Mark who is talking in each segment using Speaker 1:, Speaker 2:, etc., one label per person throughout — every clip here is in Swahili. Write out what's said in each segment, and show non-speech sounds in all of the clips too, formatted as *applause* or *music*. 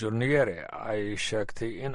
Speaker 1: jurniere ay sheegtay in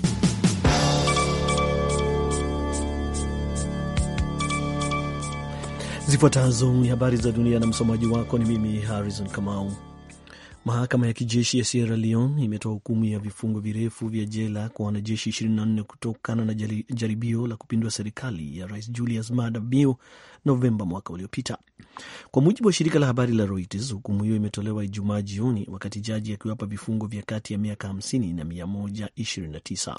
Speaker 2: Zifuatazo ni habari za dunia na msomaji wako ni mimi Harrison Kamau. Mahakama ya kijeshi ya Sierra Leone imetoa hukumu ya vifungo virefu vya jela kwa wanajeshi 24 kutokana na jaribio la kupindua serikali ya Rais Julius Maada Bio Novemba mwaka uliopita. Kwa mujibu wa shirika la habari la Reuters, hukumu hiyo imetolewa Ijumaa jioni wakati jaji akiwapa vifungo vya kati ya miaka 50 na 129.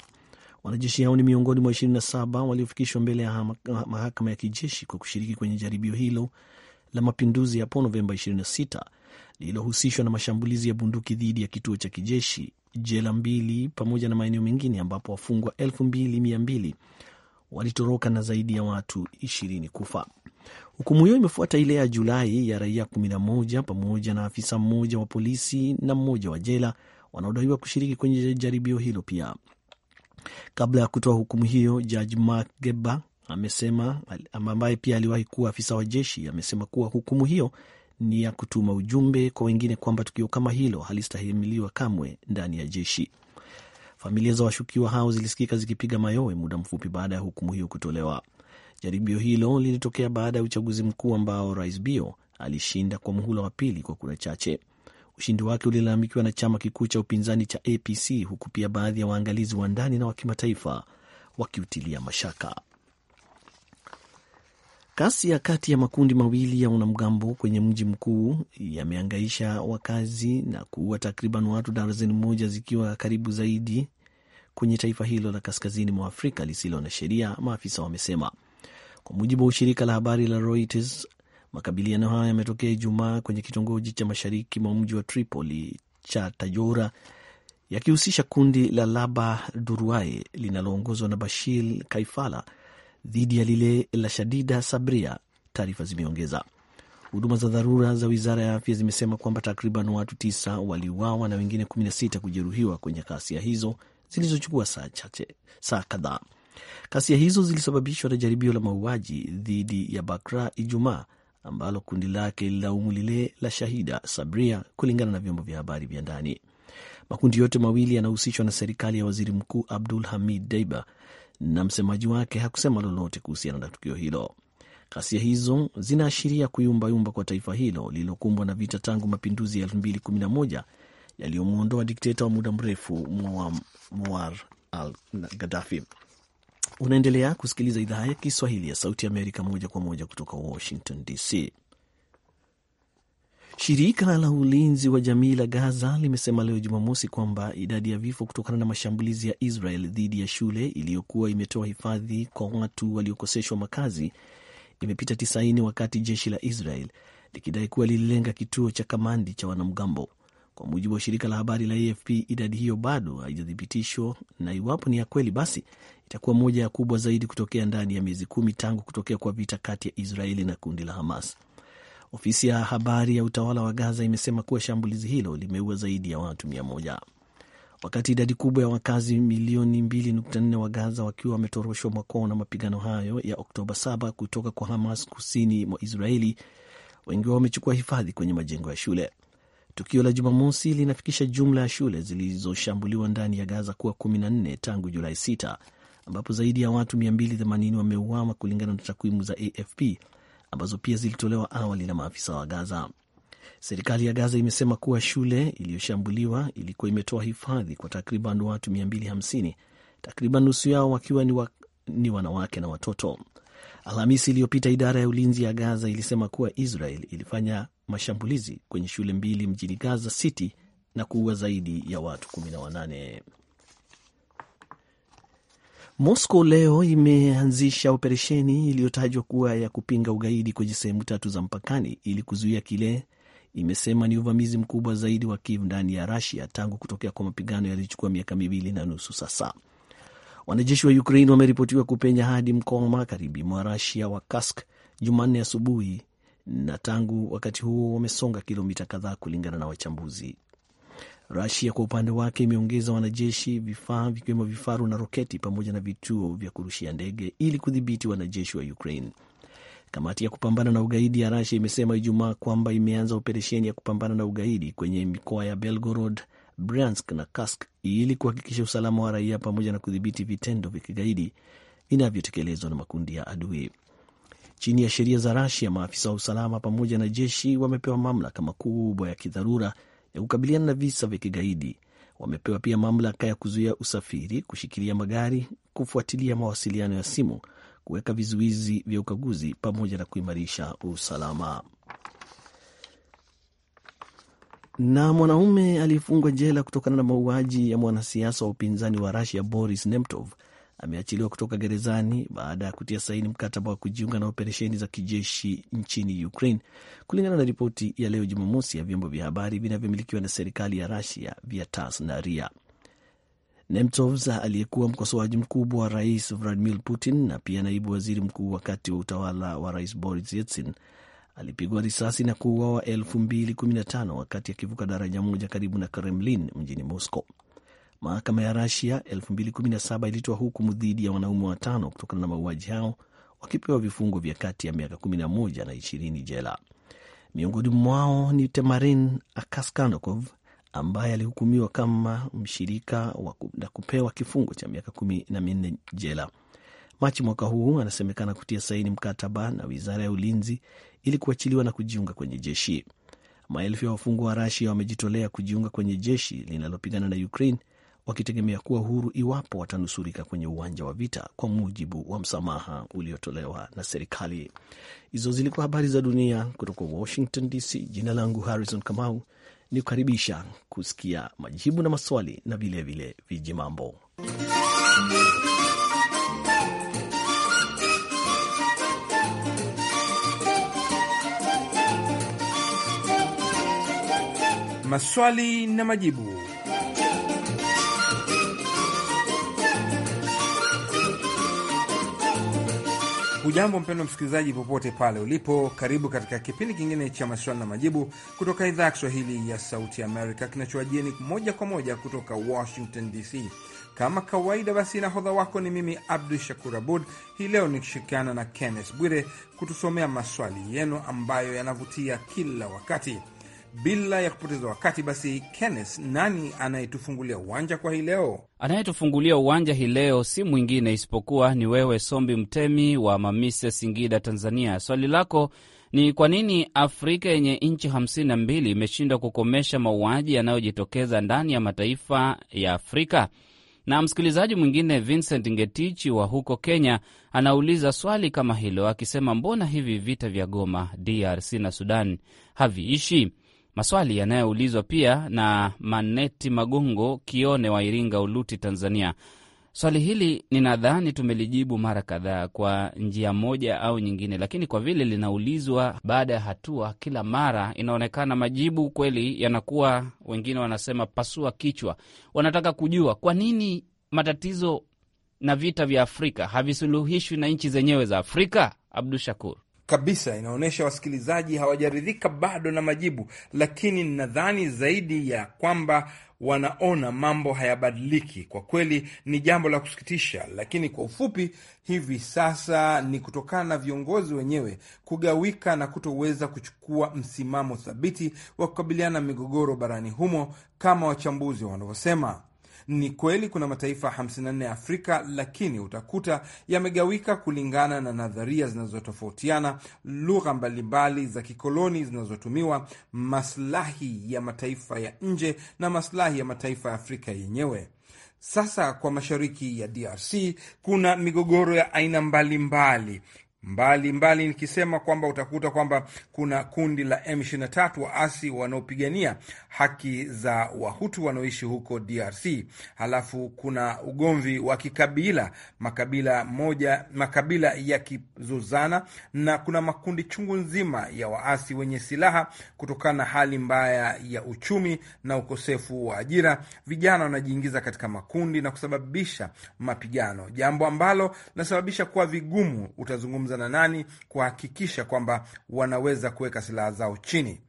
Speaker 2: Wanajeshi hao ni miongoni mwa 27 waliofikishwa mbele ya mahakama ya kijeshi kwa kushiriki kwenye jaribio hilo la mapinduzi hapo Novemba 26 lililohusishwa na mashambulizi ya bunduki dhidi ya kituo cha kijeshi, jela mbili, pamoja na maeneo mengine ambapo wafungwa 2200 walitoroka na zaidi ya watu 20 kufa. Hukumu hiyo imefuata ile ya Julai ya raia 11 pamoja na afisa mmoja wa polisi na mmoja wa jela wanaodaiwa kushiriki kwenye jaribio hilo pia. Kabla ya kutoa hukumu hiyo, jaji Mark Geba amesema, ambaye pia aliwahi kuwa afisa wa jeshi, amesema kuwa hukumu hiyo ni ya kutuma ujumbe kwa wengine kwamba tukio kama hilo halistahimiliwa kamwe ndani ya jeshi. Familia za washukiwa hao zilisikika zikipiga mayowe muda mfupi baada ya hukumu hiyo kutolewa. Jaribio hilo lilitokea baada ya uchaguzi mkuu ambao rais Bio alishinda kwa muhula wa pili kwa kura chache. Ushindi wake ulilalamikiwa na chama kikuu cha upinzani cha APC, huku pia baadhi ya waangalizi wa ndani na wa kimataifa wakiutilia mashaka. Kasi ya kati ya makundi mawili ya wanamgambo kwenye mji mkuu yameangaisha wakazi na kuua takriban watu darazeni moja zikiwa karibu zaidi kwenye taifa hilo la kaskazini mwa Afrika lisilo na sheria, maafisa wamesema, kwa mujibu wa shirika la habari la Reuters. Makabiliano hayo yametokea Ijumaa kwenye kitongoji cha mashariki mwa mji wa Tripoli cha Tayora, yakihusisha kundi la Laba Duruai linaloongozwa na Bashir Kaifala dhidi ya lile la Shadida Sabria, taarifa zimeongeza. Huduma za dharura za wizara ya afya zimesema kwamba takriban watu tisa waliuawa na wengine 16 kujeruhiwa kwenye ghasia hizo zilizochukua saa chache saa kadhaa. Ghasia hizo zilisababishwa na jaribio la mauaji dhidi ya Bakra Ijumaa ambalo kundi lake lilaumu lile la Shahida Sabria, kulingana na vyombo vya habari vya ndani. Makundi yote mawili yanahusishwa na serikali ya waziri mkuu Abdul Hamid Deiba, na msemaji wake hakusema lolote kuhusiana na tukio hilo. Ghasia hizo zinaashiria kuyumbayumba kwa taifa hilo lililokumbwa na vita tangu mapinduzi ya 2011 yaliyomwondoa dikteta wa muda mrefu Muammar al-Gaddafi. Unaendelea kusikiliza idhaa ya Kiswahili ya Sauti Amerika moja kwa moja kutoka Washington DC. Shirika la ulinzi wa jamii la Gaza limesema leo Jumamosi kwamba idadi ya vifo kutokana na mashambulizi ya Israel dhidi ya shule iliyokuwa imetoa hifadhi kwa watu waliokoseshwa makazi imepita 90 wakati jeshi la Israel likidai kuwa lililenga kituo cha kamandi cha wanamgambo. Kwa mujibu wa shirika la habari la AFP, idadi hiyo bado haijathibitishwa, na iwapo ni ya kweli, basi itakuwa moja ya kubwa zaidi kutokea ndani ya miezi kumi tangu kutokea kwa vita kati ya Israeli na kundi la Hamas. Ofisi ya habari ya utawala wa Gaza imesema kuwa shambulizi hilo limeua zaidi ya watu mia moja wakati idadi kubwa ya wakazi milioni 2.4 wa Gaza wakiwa wametoroshwa mwakoo na mapigano hayo ya Oktoba 7 kutoka kwa Hamas kusini mwa Israeli. Wengi wao wamechukua hifadhi kwenye majengo ya shule. Tukio la Jumamosi linafikisha jumla ya shule zilizoshambuliwa ndani ya Gaza kuwa 14 tangu Julai 6 ambapo zaidi ya watu 280 wameuawa kulingana na takwimu za AFP ambazo pia zilitolewa awali na maafisa wa Gaza. Serikali ya Gaza imesema kuwa shule iliyoshambuliwa ilikuwa imetoa hifadhi kwa takriban watu 250, takriban nusu yao wakiwa ni, wa, ni wanawake na watoto. Alhamisi iliyopita idara ya ulinzi ya Gaza ilisema kuwa Israel ilifanya mashambulizi kwenye shule mbili mjini Gaza City na kuua zaidi ya watu 18. Moscow leo imeanzisha operesheni iliyotajwa kuwa ya kupinga ugaidi kwenye sehemu tatu za mpakani ili kuzuia kile imesema ni uvamizi mkubwa zaidi wa Kiev ndani ya rasia tangu kutokea kwa mapigano yaliyochukua miaka miwili na nusu sasa. Wanajeshi wa Ukraine wameripotiwa kupenya hadi mkoa wa magharibi mwa rasia wa Kursk Jumanne asubuhi na tangu wakati huo wamesonga kilomita kadhaa, kulingana na wachambuzi. Rusia kwa upande wake imeongeza wanajeshi, vifaa vikiwemo vifaru na roketi, pamoja na vituo vya kurushia ndege ili kudhibiti wanajeshi wa Ukraine. Kamati ya kupambana na ugaidi ya Rusia imesema Ijumaa kwamba imeanza operesheni ya kupambana na ugaidi kwenye mikoa ya Belgorod, Bryansk na Kursk ili kuhakikisha usalama wa raia pamoja na kudhibiti vitendo vya kigaidi vinavyotekelezwa na makundi ya adui. Chini ya sheria za Rasia, maafisa wa usalama pamoja na jeshi wamepewa mamlaka makubwa ya kidharura ya kukabiliana na visa vya kigaidi. Wamepewa pia mamlaka ya kuzuia usafiri, kushikilia magari, kufuatilia mawasiliano ya simu, kuweka vizuizi vya ukaguzi pamoja na kuimarisha usalama. Na mwanaume aliyefungwa jela kutokana na mauaji ya mwanasiasa wa upinzani wa Rasia Boris Nemtsov ameachiliwa kutoka gerezani baada ya kutia saini mkataba wa kujiunga na operesheni za kijeshi nchini Ukraine, kulingana na ripoti ya leo Jumamosi ya vyombo vya habari vinavyomilikiwa na serikali ya Rusia vya tas na RIA. Nemtsov aliyekuwa mkosoaji mkubwa wa rais Vladimir Putin na pia naibu waziri mkuu wakati wa utawala wa rais Boris Yeltsin alipigwa risasi na kuuawa 2015 wakati akivuka daraja moja karibu na Kremlin mjini Moscow. Mahakama ya rasia 2017 ilitoa hukumu dhidi ya wanaume watano kutokana na mauaji hao, wakipewa vifungo vya kati ya miaka 11 na 20 jela. Miongoni mwao ni Temarin Akaskanokov ambaye alihukumiwa kama mshirika na kupewa kifungo cha miaka kumi na minne jela. Machi mwaka huu anasemekana kutia saini mkataba na wizara ya ulinzi ili kuachiliwa na kujiunga kwenye jeshi. Maelfu ya wafungwa wa Rasia wamejitolea kujiunga kwenye jeshi linalopigana na Ukraine wakitegemea kuwa huru iwapo watanusurika kwenye uwanja wa vita, kwa mujibu wa msamaha uliotolewa na serikali. Hizo zilikuwa habari za dunia kutoka Washington DC. Jina langu Harrison Kamau, ni kukaribisha kusikia majibu na maswali na vilevile viji mambo
Speaker 3: maswali na majibu. Hujambo mpendo msikilizaji, popote pale ulipo, karibu katika kipindi kingine cha maswali na majibu kutoka idhaa ya Kiswahili ya Sauti Amerika kinachoajieni moja kwa moja kutoka Washington DC. Kama kawaida, basi nahodha wako ni mimi Abdu Shakur Abud, hii leo nikishirikiana na Kenneth Bwire kutusomea maswali yenu ambayo yanavutia kila wakati. Bila ya kupoteza wakati basi, Kenneth, nani anayetufungulia uwanja kwa hii leo?
Speaker 4: Anayetufungulia uwanja hii leo si mwingine isipokuwa ni wewe Sombi Mtemi wa Mamise, Singida, Tanzania. Swali lako ni kwa nini Afrika yenye nchi 52 imeshindwa kukomesha mauaji yanayojitokeza ndani ya mataifa ya Afrika? Na msikilizaji mwingine Vincent Ngetichi wa huko Kenya anauliza swali kama hilo akisema, mbona hivi vita vya Goma, DRC na Sudan haviishi? Maswali yanayoulizwa pia na Maneti Magongo Kione wa Iringa Uluti, Tanzania. Swali hili ninadhani tumelijibu mara kadhaa kwa njia moja au nyingine, lakini kwa vile linaulizwa baada ya hatua kila mara, inaonekana majibu kweli yanakuwa, wengine wanasema pasua kichwa. Wanataka kujua kwa nini matatizo na vita vya Afrika havisuluhishwi na nchi zenyewe za Afrika.
Speaker 3: Abdu Shakur kabisa inaonyesha wasikilizaji hawajaridhika bado na majibu, lakini nadhani zaidi ya kwamba wanaona mambo hayabadiliki. Kwa kweli ni jambo la kusikitisha, lakini kwa ufupi, hivi sasa ni kutokana na viongozi wenyewe kugawika na kutoweza kuchukua msimamo thabiti wa kukabiliana na migogoro barani humo kama wachambuzi wanavyosema. Ni kweli kuna mataifa 54 ya Afrika, lakini utakuta yamegawika kulingana na nadharia zinazotofautiana, lugha mbalimbali za kikoloni zinazotumiwa, maslahi ya mataifa ya nje na maslahi ya mataifa ya Afrika yenyewe. Sasa kwa mashariki ya DRC kuna migogoro ya aina mbalimbali mbali mbalimbali mbali, nikisema kwamba utakuta kwamba kuna kundi la M23 waasi wanaopigania haki za Wahutu wanaoishi huko DRC. Halafu kuna ugomvi wa kikabila, makabila moja, makabila yakizozana, na kuna makundi chungu nzima ya waasi wenye silaha kutokana na hali mbaya ya uchumi na ukosefu wa ajira. Vijana wanajiingiza katika makundi na kusababisha mapigano, jambo ambalo linasababisha kuwa vigumu utazungumza wanazungumza na nani kuhakikisha kwamba wanaweza kuweka silaha zao chini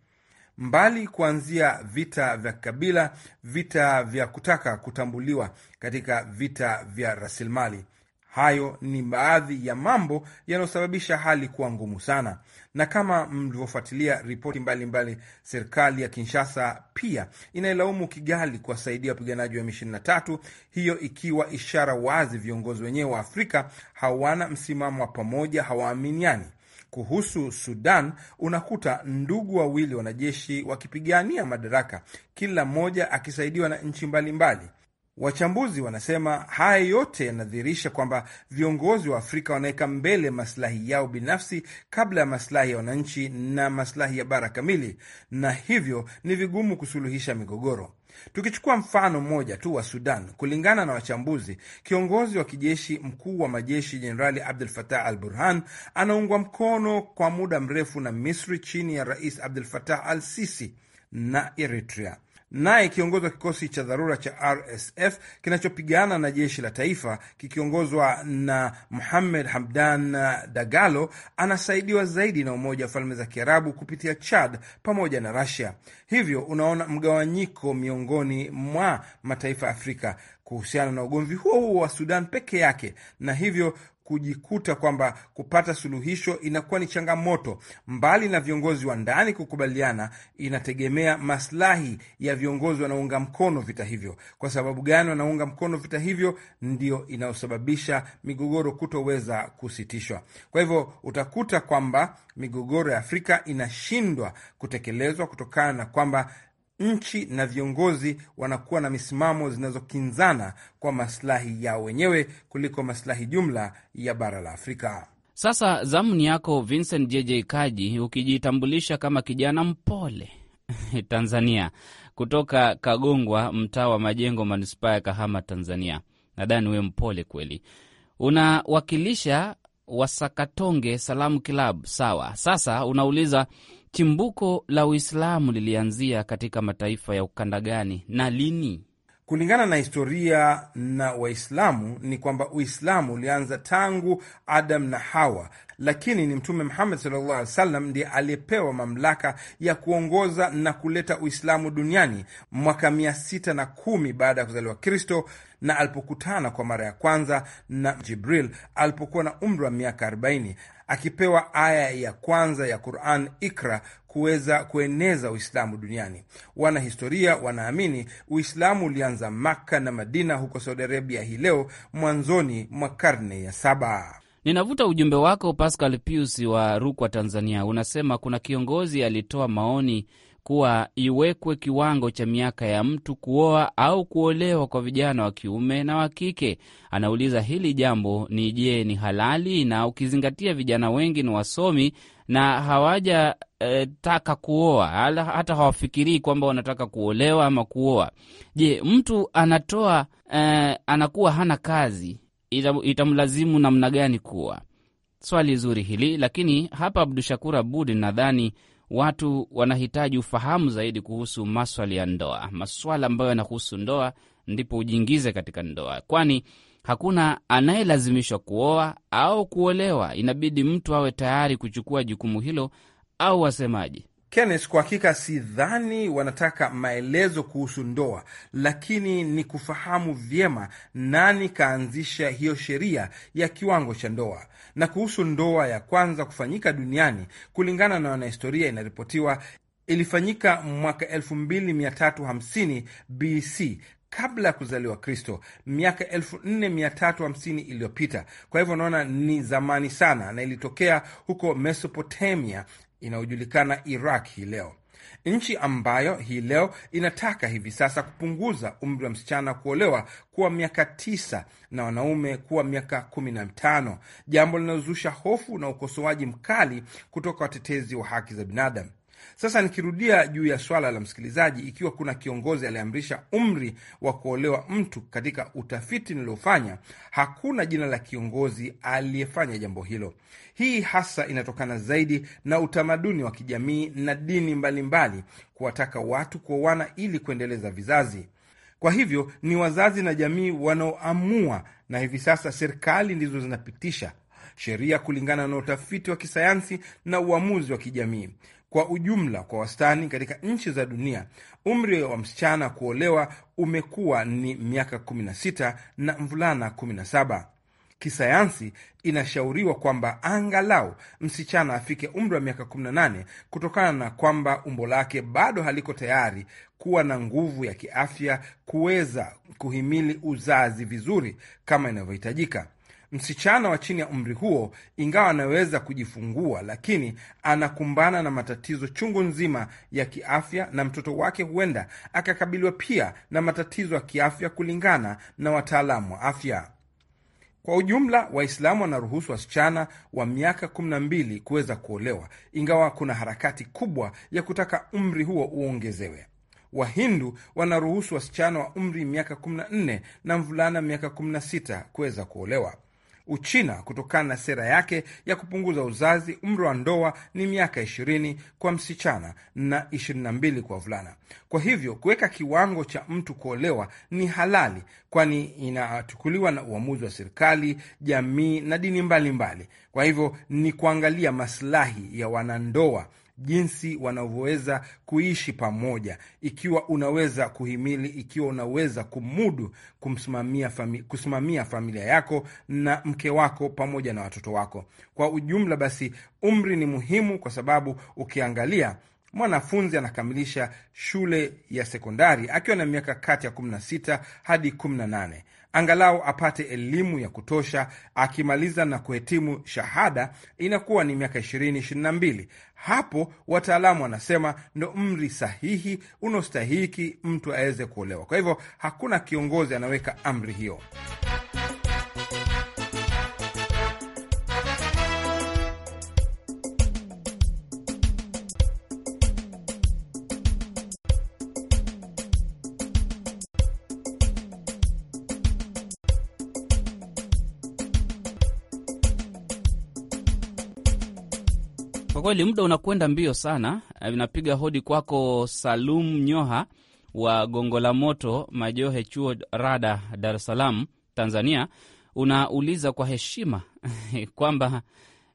Speaker 3: mbali kuanzia vita vya kikabila, vita vya kutaka kutambuliwa katika vita vya rasilimali. Hayo ni baadhi ya mambo yanayosababisha hali kuwa ngumu sana na kama mlivyofuatilia ripoti mbalimbali, serikali ya Kinshasa pia inailaumu Kigali kuwasaidia wapiganaji wa M23, hiyo ikiwa ishara wazi viongozi wenyewe wa Afrika hawana msimamo wa pamoja, hawaaminiani. Kuhusu Sudan, unakuta ndugu wawili wanajeshi wakipigania madaraka, kila mmoja akisaidiwa na nchi mbalimbali. Wachambuzi wanasema haya yote yanadhihirisha kwamba viongozi wa Afrika wanaweka mbele maslahi yao binafsi kabla ya maslahi ya wananchi na maslahi ya bara kamili, na hivyo ni vigumu kusuluhisha migogoro. Tukichukua mfano mmoja tu wa Sudan, kulingana na wachambuzi, kiongozi wa kijeshi mkuu wa majeshi Jenerali Abdul Fatah al Burhan anaungwa mkono kwa muda mrefu na Misri chini ya Rais Abdul Fatah al Sisi na Eritrea naye kiongozi wa kikosi cha dharura cha RSF kinachopigana na jeshi la taifa kikiongozwa na Muhammed Hamdan Dagalo anasaidiwa zaidi na Umoja wa Falme za Kiarabu kupitia Chad pamoja na rasia Hivyo unaona mgawanyiko miongoni mwa mataifa ya Afrika kuhusiana na ugomvi huo huo wa Sudan peke yake, na hivyo kujikuta kwamba kupata suluhisho inakuwa ni changamoto. Mbali na viongozi wa ndani kukubaliana, inategemea maslahi ya viongozi wanaunga mkono vita hivyo. Kwa sababu gani wanaunga mkono vita hivyo? Ndio inayosababisha migogoro kutoweza kusitishwa. Kwa hivyo utakuta kwamba migogoro ya Afrika inashindwa kutekelezwa kutokana na kwamba nchi na viongozi wanakuwa na misimamo zinazokinzana kwa masilahi yao wenyewe kuliko maslahi jumla ya bara la Afrika. Sasa
Speaker 4: zamu ni yako Vincent JJ Kaji, ukijitambulisha kama kijana mpole *laughs* Tanzania, kutoka Kagongwa, mtaa wa Majengo, manispaa ya Kahama, Tanzania. Nadhani we mpole kweli, unawakilisha Wasakatonge Salamu Kilabu, Sawa, sasa unauliza chimbuko la Uislamu lilianzia katika mataifa ya ukanda gani na lini?
Speaker 3: Kulingana na historia na Waislamu ni kwamba Uislamu ulianza tangu Adam na Hawa, lakini ni Mtume Muhammad sallallahu alaihi wasallam ndiye aliyepewa mamlaka ya kuongoza na kuleta Uislamu duniani mwaka mia sita na kumi baada ya kuzaliwa Kristo, na alipokutana kwa mara ya kwanza na Jibril alipokuwa na umri wa miaka 40 akipewa aya ya kwanza ya Quran Ikra kuweza kueneza Uislamu duniani. Wanahistoria wanaamini Uislamu ulianza Makka na Madina huko Saudi Arabia hii leo mwanzoni mwa karne ya saba.
Speaker 4: Ninavuta ujumbe wako Pascal Pius wa Rukwa, Tanzania. Unasema kuna kiongozi alitoa maoni kuwa iwekwe kiwango cha miaka ya mtu kuoa au kuolewa kwa vijana wa kiume na wa kike. Anauliza hili jambo ni je, ni halali? Na ukizingatia vijana wengi ni wasomi na hawajataka eh, e, kuoa hata hawafikirii kwamba wanataka kuolewa ama kuoa. Je, mtu anatoa e, anakuwa hana kazi, itamlazimu namna gani kuoa? Swali zuri hili, lakini hapa Abdushakur Abud nadhani watu wanahitaji ufahamu zaidi kuhusu maswali ya ndoa. Maswala ambayo yanahusu ndoa ndipo ujiingize katika ndoa, kwani hakuna anayelazimishwa kuoa au kuolewa. Inabidi
Speaker 3: mtu awe tayari kuchukua jukumu hilo, au wasemaje? Kenneth, kwa hakika sidhani wanataka maelezo kuhusu ndoa, lakini ni kufahamu vyema nani kaanzisha hiyo sheria ya kiwango cha ndoa. Na kuhusu ndoa ya kwanza kufanyika duniani, kulingana na wanahistoria, inaripotiwa ilifanyika mwaka 2350 BC kabla ya kuzaliwa Kristo, miaka 4350 iliyopita. Kwa hivyo unaona ni zamani sana, na ilitokea huko Mesopotamia inayojulikana Iraq hii leo, nchi ambayo hii leo inataka hivi sasa kupunguza umri wa msichana kuolewa kuwa miaka tisa na wanaume kuwa miaka kumi na mitano, jambo linalozusha hofu na ukosoaji mkali kutoka watetezi wa haki za binadamu. Sasa nikirudia juu ya swala la msikilizaji, ikiwa kuna kiongozi aliamrisha umri wa kuolewa mtu, katika utafiti niliofanya hakuna jina la kiongozi aliyefanya jambo hilo. Hii hasa inatokana zaidi na utamaduni wa kijamii na dini mbalimbali kuwataka watu kuoana ili kuendeleza vizazi. Kwa hivyo ni wazazi na jamii wanaoamua, na hivi sasa serikali ndizo zinapitisha sheria kulingana na utafiti wa kisayansi na uamuzi wa kijamii. Kwa ujumla, kwa wastani katika nchi za dunia umri wa msichana kuolewa umekuwa ni miaka 16 na mvulana 17. Kisayansi inashauriwa kwamba angalau msichana afike umri wa miaka 18 kutokana na kwamba umbo lake bado haliko tayari kuwa na nguvu ya kiafya kuweza kuhimili uzazi vizuri kama inavyohitajika. Msichana wa chini ya umri huo, ingawa anaweza kujifungua, lakini anakumbana na matatizo chungu nzima ya kiafya, na mtoto wake huenda akakabiliwa pia na matatizo ya kiafya, kulingana na wataalamu wa afya. Kwa ujumla, Waislamu wanaruhusu wasichana wa miaka kumi na mbili kuweza kuolewa, ingawa kuna harakati kubwa ya kutaka umri huo uongezewe. Wahindu wanaruhusu wasichana wa umri miaka 14 na mvulana miaka 16 kuweza kuolewa. Uchina kutokana na sera yake ya kupunguza uzazi. Umri wa ndoa ni miaka ishirini kwa msichana na ishirini na mbili kwa vulana Kwa hivyo kuweka kiwango cha mtu kuolewa ni halali, kwani inachukuliwa na uamuzi wa serikali, jamii na dini mbalimbali mbali. Kwa hivyo ni kuangalia masilahi ya wanandoa jinsi wanavyoweza kuishi pamoja, ikiwa unaweza kuhimili, ikiwa unaweza kumudu kumsimamia fami, kusimamia familia yako na mke wako pamoja na watoto wako kwa ujumla. Basi umri ni muhimu, kwa sababu ukiangalia mwanafunzi anakamilisha shule ya sekondari akiwa na miaka kati ya 16 hadi 18 angalau apate elimu ya kutosha. Akimaliza na kuhitimu shahada inakuwa ni miaka ishirini ishirini na mbili. Hapo wataalamu wanasema ndo mri sahihi unaostahiki mtu aweze kuolewa. Kwa hivyo hakuna kiongozi anaweka amri hiyo.
Speaker 4: kweli muda unakwenda mbio sana. Eh, Inapiga hodi kwako Salum Nyoha wa Gongo la Moto, Majohe, Chuo Rada, Dar es Salaam, Tanzania. Unauliza kwa heshima *laughs* kwamba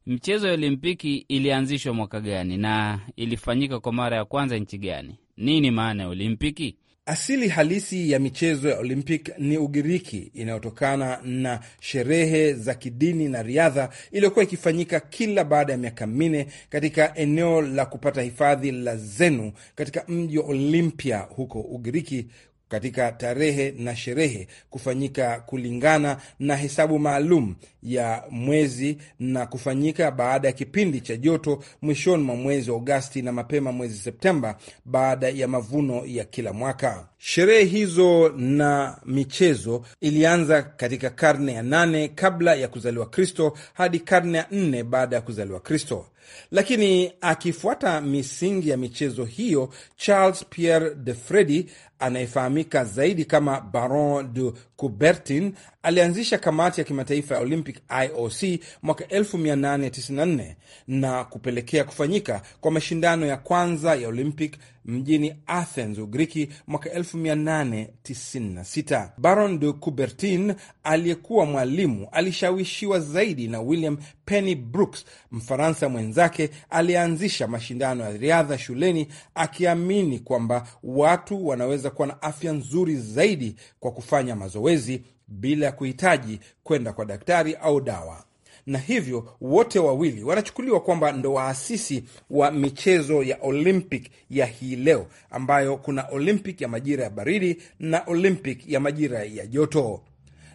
Speaker 4: mchezo ya Olimpiki ilianzishwa mwaka gani na ilifanyika kwa mara ya kwanza nchi gani?
Speaker 3: Nini maana ya Olimpiki? Asili halisi ya michezo ya Olympic ni Ugiriki inayotokana na sherehe za kidini na riadha iliyokuwa ikifanyika kila baada ya miaka minne katika eneo la kupata hifadhi la Zenu katika mji wa Olympia huko Ugiriki katika tarehe na sherehe kufanyika kulingana na hesabu maalum ya mwezi na kufanyika baada ya kipindi cha joto mwishoni mwa mwezi wa Agosti na mapema mwezi Septemba baada ya mavuno ya kila mwaka. Sherehe hizo na michezo ilianza katika karne ya nane kabla ya kuzaliwa Kristo hadi karne ya nne baada ya kuzaliwa Kristo. Lakini akifuata misingi ya michezo hiyo, Charles Pierre de fredi anayefahamika zaidi kama Baron de Kubertin alianzisha kamati ya kimataifa ya Olympic IOC mwaka 1894 na kupelekea kufanyika kwa mashindano ya kwanza ya Olympic mjini Athens, Ugiriki mwaka 1896. Baron de Coubertin aliyekuwa mwalimu alishawishiwa zaidi na William Penny Brooks, Mfaransa mwenzake, alianzisha mashindano ya riadha shuleni akiamini kwamba watu wanaweza kuwa na afya nzuri zaidi kwa kufanya mazoezi bila ya kuhitaji kwenda kwa daktari au dawa na hivyo wote wawili wanachukuliwa kwamba ndo waasisi wa michezo ya Olympic ya hii leo, ambayo kuna Olympic ya majira ya baridi na Olympic ya majira ya joto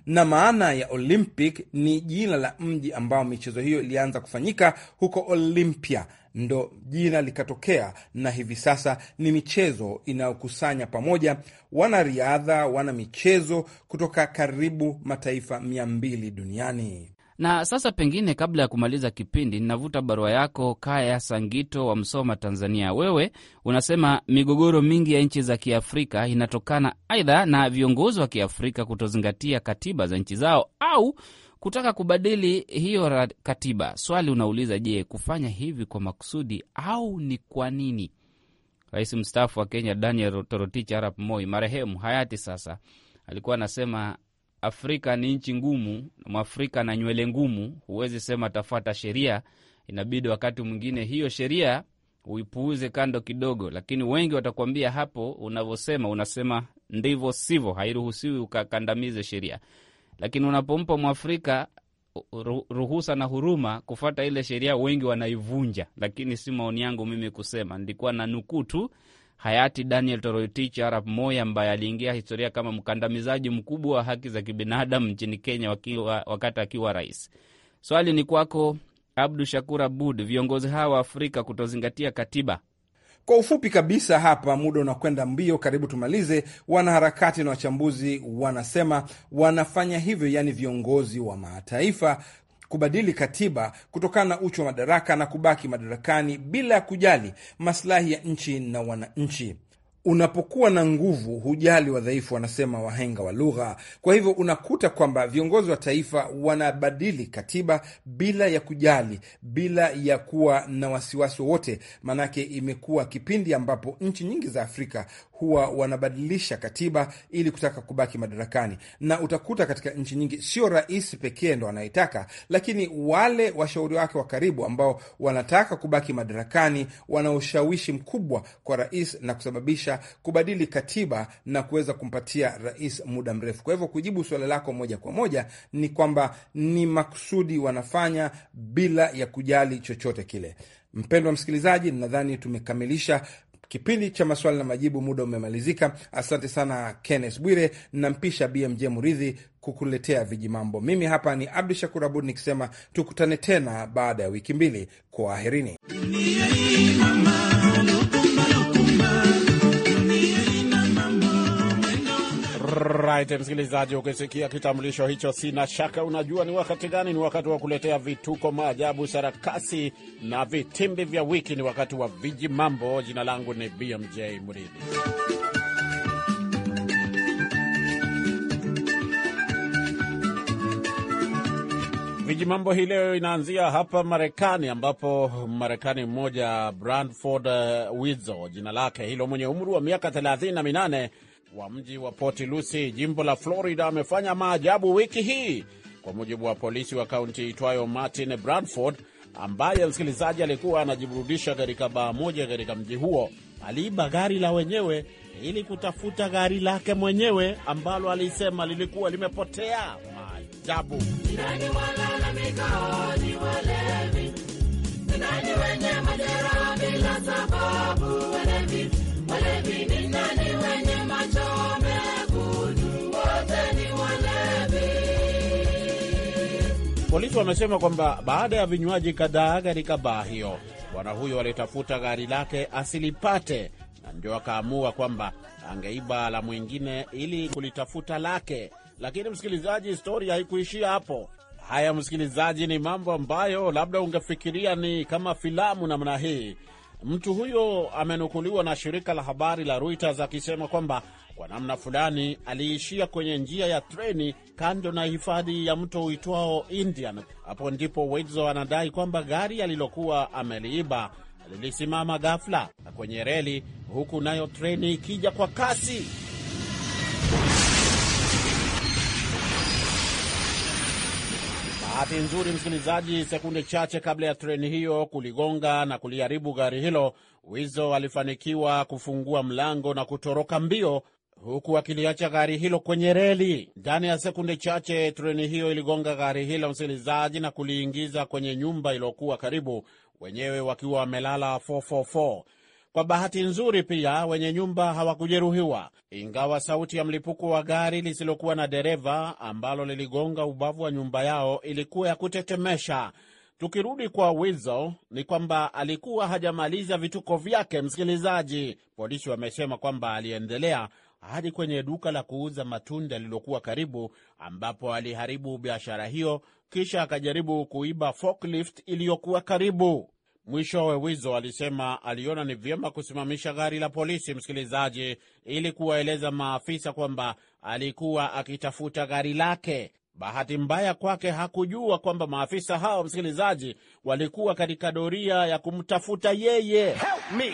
Speaker 3: na maana ya Olympic ni jina la mji ambao michezo hiyo ilianza kufanyika huko Olympia, ndo jina likatokea, na hivi sasa ni michezo inayokusanya pamoja wanariadha, wana michezo kutoka karibu mataifa mia mbili duniani.
Speaker 4: Na sasa pengine, kabla ya kumaliza kipindi, ninavuta barua yako Kaya Sangito wa Msoma, Tanzania. Wewe unasema migogoro mingi ya nchi za Kiafrika inatokana aidha na viongozi wa Kiafrika kutozingatia katiba za nchi zao au kutaka kubadili hiyo katiba. Swali unauliza, je, kufanya hivi kwa makusudi au ni kwa nini? Rais mstaafu wa Kenya Daniel Torotich Arap Moi marehemu hayati sasa alikuwa anasema Afrika ni nchi ngumu, Mwafrika na nywele ngumu, huwezi sema tafata sheria. Inabidi wakati mwingine hiyo sheria uipuuze kando kidogo, lakini wengi watakuambia hapo unavyosema, unasema ndivyo sivyo, hairuhusiwi ukakandamize sheria. Lakini unapompa Mwafrika ruhusa na huruma kufata ile sheria, wengi wanaivunja. Lakini si maoni yangu mimi kusema, nilikuwa na nukuu tu hayati Daniel Toroitich arap Moi, ambaye aliingia historia kama mkandamizaji mkubwa wa haki za kibinadamu nchini Kenya wakiwa, wakati akiwa rais. Swali ni kwako Abdu Shakur Abud, viongozi hawa wa Afrika kutozingatia katiba
Speaker 3: kwa ufupi kabisa hapa, muda unakwenda mbio, karibu tumalize. Wanaharakati na wachambuzi wanasema wanafanya hivyo, yaani viongozi wa mataifa kubadili katiba kutokana na uchu wa madaraka na kubaki madarakani bila ya kujali maslahi ya nchi na wananchi. Unapokuwa na nguvu hujali wadhaifu, wanasema wahenga wa lugha. Kwa hivyo unakuta kwamba viongozi wa taifa wanabadili katiba bila ya kujali, bila ya kuwa na wasiwasi wowote, maanake imekuwa kipindi ambapo nchi nyingi za Afrika huwa wanabadilisha katiba ili kutaka kubaki madarakani, na utakuta katika nchi nyingi sio rais pekee ndo anayetaka, lakini wale washauri wake wa karibu ambao wanataka kubaki madarakani wana ushawishi mkubwa kwa rais na kusababisha kubadili katiba na kuweza kumpatia rais muda mrefu. Kwa hivyo kujibu suala lako moja kwa moja ni kwamba ni makusudi wanafanya bila ya kujali chochote kile. Mpendwa msikilizaji, nadhani tumekamilisha Kipindi cha maswali na majibu, muda umemalizika. Asante sana Kenneth Bwire, nampisha BMJ Muridhi kukuletea vijimambo. Mimi hapa ni Abdu Shakur Abud nikisema tukutane tena baada ya wiki mbili.
Speaker 5: Kwaherini. Alright, msikilizaji, ukisikia kitambulisho hicho, sina shaka unajua ni wakati gani. Ni wakati wa kuletea vituko, maajabu, sarakasi na vitimbi vya wiki. Ni wakati wa viji mambo. Jina langu ni BMJ mridhi Viji mambo hii leo inaanzia hapa Marekani, ambapo Marekani mmoja Branford uh, Widzo jina lake hilo, mwenye umri wa miaka 38 wa mji wa Port Lucie, jimbo la Florida, amefanya maajabu wiki hii, kwa mujibu wa polisi wa kaunti itwayo Martin branford ambaye msikilizaji alikuwa anajiburudisha katika baa moja katika mji huo. Aliiba gari la wenyewe ili kutafuta gari lake mwenyewe ambalo alisema lilikuwa limepotea. Maajabu! Polisi wamesema kwamba baada ya vinywaji kadhaa katika baa hiyo, bwana huyo alitafuta gari lake asilipate, na ndio akaamua kwamba angeiba la mwingine ili kulitafuta lake. Lakini msikilizaji, historia haikuishia hapo. Haya msikilizaji, ni mambo ambayo labda ungefikiria ni kama filamu namna hii, Mtu huyo amenukuliwa na shirika la habari la Reuters akisema kwamba kwa namna fulani aliishia kwenye njia ya treni kando na hifadhi ya mto uitwao Indian. Hapo ndipo Wedzo anadai kwamba gari alilokuwa ameliiba lilisimama ghafla na kwenye reli, huku nayo treni ikija kwa kasi. Bahati nzuri, msikilizaji, sekunde chache kabla ya treni hiyo kuligonga na kuliharibu gari hilo, Wizo alifanikiwa kufungua mlango na kutoroka mbio huku akiliacha gari hilo kwenye reli. Ndani ya sekunde chache treni hiyo iligonga gari hilo, msikilizaji, na kuliingiza kwenye nyumba iliyokuwa karibu, wenyewe wakiwa wamelala 444. Kwa bahati nzuri pia wenye nyumba hawakujeruhiwa, ingawa sauti ya mlipuko wa gari lisilokuwa na dereva ambalo liligonga ubavu wa nyumba yao ilikuwa ya kutetemesha. Tukirudi kwa Wizo ni kwamba alikuwa hajamaliza vituko vyake, msikilizaji. Polisi wamesema kwamba aliendelea hadi kwenye duka la kuuza matunda lililokuwa karibu, ambapo aliharibu biashara hiyo, kisha akajaribu kuiba forklift iliyokuwa karibu. Mwishowe Wizo alisema aliona ni vyema kusimamisha gari la polisi, msikilizaji, ili kuwaeleza maafisa kwamba alikuwa akitafuta gari lake. Bahati mbaya kwake hakujua kwamba maafisa hao, msikilizaji, walikuwa katika doria ya kumtafuta yeye. Help me.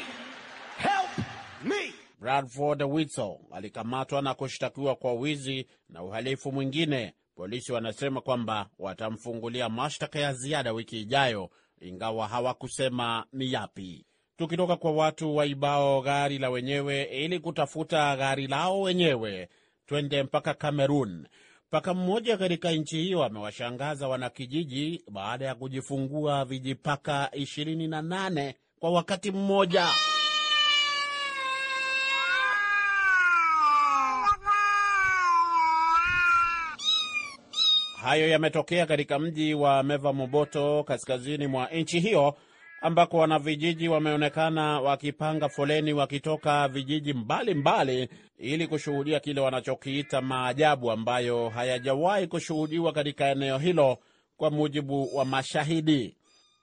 Speaker 5: Help me. Bradford Witso alikamatwa na kushtakiwa kwa wizi na uhalifu mwingine. Polisi wanasema kwamba watamfungulia mashtaka ya ziada wiki ijayo ingawa hawakusema ni yapi. Tukitoka kwa watu waibao gari la wenyewe ili kutafuta gari lao wenyewe, twende mpaka Kamerun. Paka mmoja katika nchi hiyo amewashangaza wanakijiji baada ya kujifungua vijipaka 28 kwa wakati mmoja. Hayo yametokea katika mji wa Meva Moboto kaskazini mwa nchi hiyo ambako wanavijiji wameonekana wakipanga foleni wakitoka vijiji mbalimbali mbali, ili kushuhudia kile wanachokiita maajabu ambayo hayajawahi kushuhudiwa katika eneo hilo kwa mujibu wa mashahidi.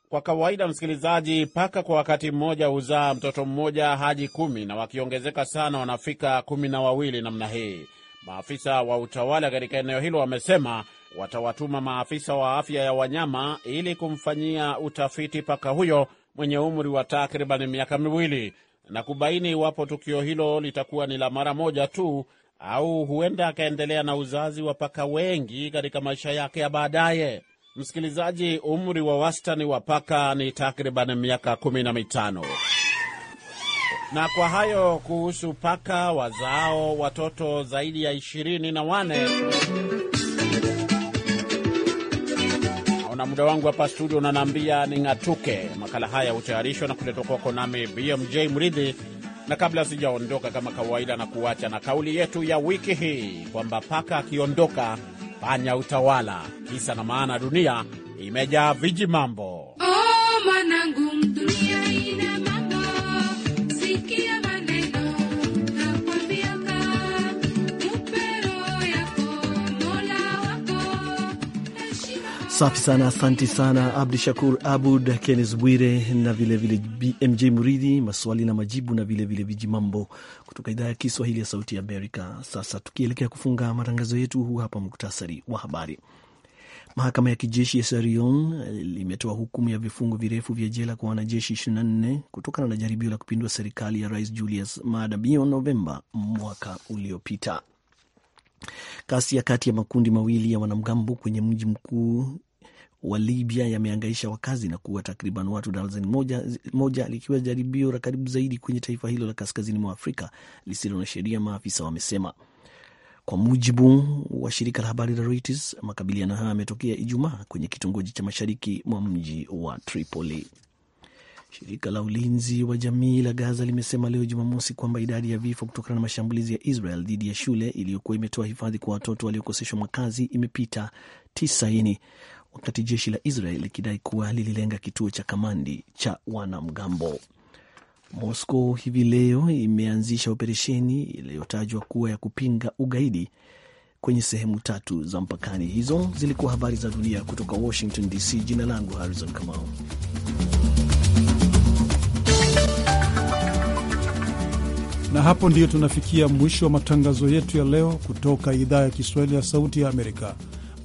Speaker 5: Kwa kawaida, msikilizaji, paka kwa wakati mmoja huzaa mtoto mmoja hadi kumi na wakiongezeka sana wanafika kumi na wawili namna hii. Maafisa wa utawala katika eneo hilo wamesema watawatuma maafisa wa afya ya wanyama ili kumfanyia utafiti paka huyo mwenye umri wa takriban miaka miwili na kubaini iwapo tukio hilo litakuwa ni la mara moja tu au huenda akaendelea na uzazi wa paka wengi katika maisha yake ya baadaye. Msikilizaji, umri wa wastani wa paka ni takriban miaka kumi na mitano. Na kwa hayo kuhusu paka wazao watoto zaidi ya ishirini na wane muda wangu hapa studio unanaambia ning'atuke. Makala haya hutayarishwa na kuletwa kwako nami BMJ Mridhi, na kabla sijaondoka, kama kawaida, na kuacha na kauli yetu ya wiki hii kwamba paka akiondoka panya utawala. Kisa na maana, dunia imejaa viji mambo.
Speaker 4: Oh, manangu, dunia ina
Speaker 2: Safi sana, asanti sana Abdi Shakur Abud, Kennes Bwire na vilevile vile BMJ Muridhi, maswali na majibu na vilevile viji mambo kutoka idhaa ya Kiswahili ya Sauti ya Amerika. Sasa tukielekea kufunga matangazo yetu, huu hapa muktasari wa habari. Mahakama ya kijeshi ya Sierra Leone eh, limetoa hukumu ya vifungo virefu vya jela kwa wanajeshi 24 kutokana na jaribio la kupindua serikali ya Rais Julius Maada Bio Novemba mwaka uliopita. Kasi ya kati ya makundi mawili ya wanamgambo kwenye mji mkuu wa Libya yameangaisha wakazi na kuwa takriban watu darzeni moja, moja likiwa jaribio la karibu zaidi kwenye taifa hilo la kaskazini mwa Afrika lisilo na sheria, maafisa wamesema. Kwa mujibu wa shirika la habari la Reuters, makabiliano hayo yametokea Ijumaa kwenye kitongoji cha mashariki mwa mji wa Tripoli. Shirika la ulinzi wa jamii la Gaza limesema leo Jumamosi kwamba idadi ya vifo kutokana na mashambulizi ya Israel dhidi ya shule iliyokuwa imetoa hifadhi kwa watoto waliokoseshwa makazi imepita tisaini wakati jeshi la Israel likidai kuwa lililenga kituo cha kamandi cha wanamgambo. Moscow hivi leo imeanzisha operesheni iliyotajwa kuwa ya kupinga ugaidi kwenye sehemu tatu za mpakani. Hizo zilikuwa habari za dunia kutoka Washington DC. Jina langu Harrison Kamau. Na hapo ndiyo
Speaker 1: tunafikia mwisho wa matangazo yetu ya leo kutoka idhaa ya Kiswahili ya Sauti ya Amerika.